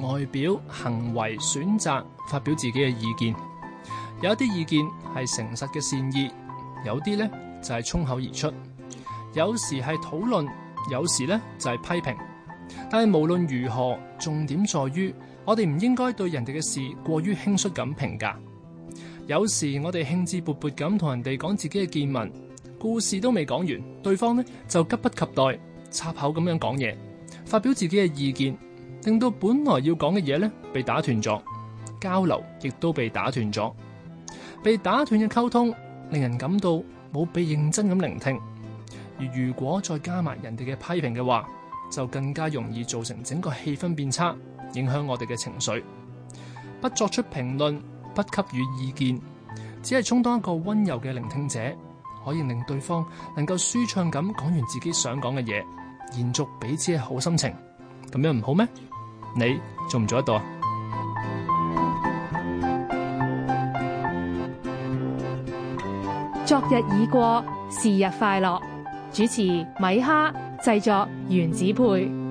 外表、行為、選擇、發表自己嘅意見，有一啲意見係誠實嘅善意，有啲呢就係衝口而出，有時係討論，有時呢就係批評。但係無論如何，重點在於我哋唔應該對人哋嘅事過於輕率咁評價。有時我哋興致勃勃咁同人哋講自己嘅見聞，故事都未講完，對方呢就急不及待插口咁樣講嘢，發表自己嘅意見。令到本來要講嘅嘢呢，被打斷咗，交流亦都被打斷咗。被打斷嘅溝通，令人感到冇被認真咁聆聽。而如果再加埋人哋嘅批評嘅話，就更加容易造成整個氣氛變差，影響我哋嘅情緒。不作出評論，不給予意見，只係充當一個溫柔嘅聆聽者，可以令對方能夠舒暢咁講完自己想講嘅嘢，延續彼此嘅好心情。咁樣唔好咩？你做唔做得到啊？昨日已過，是日快樂。主持米哈，製作原子配。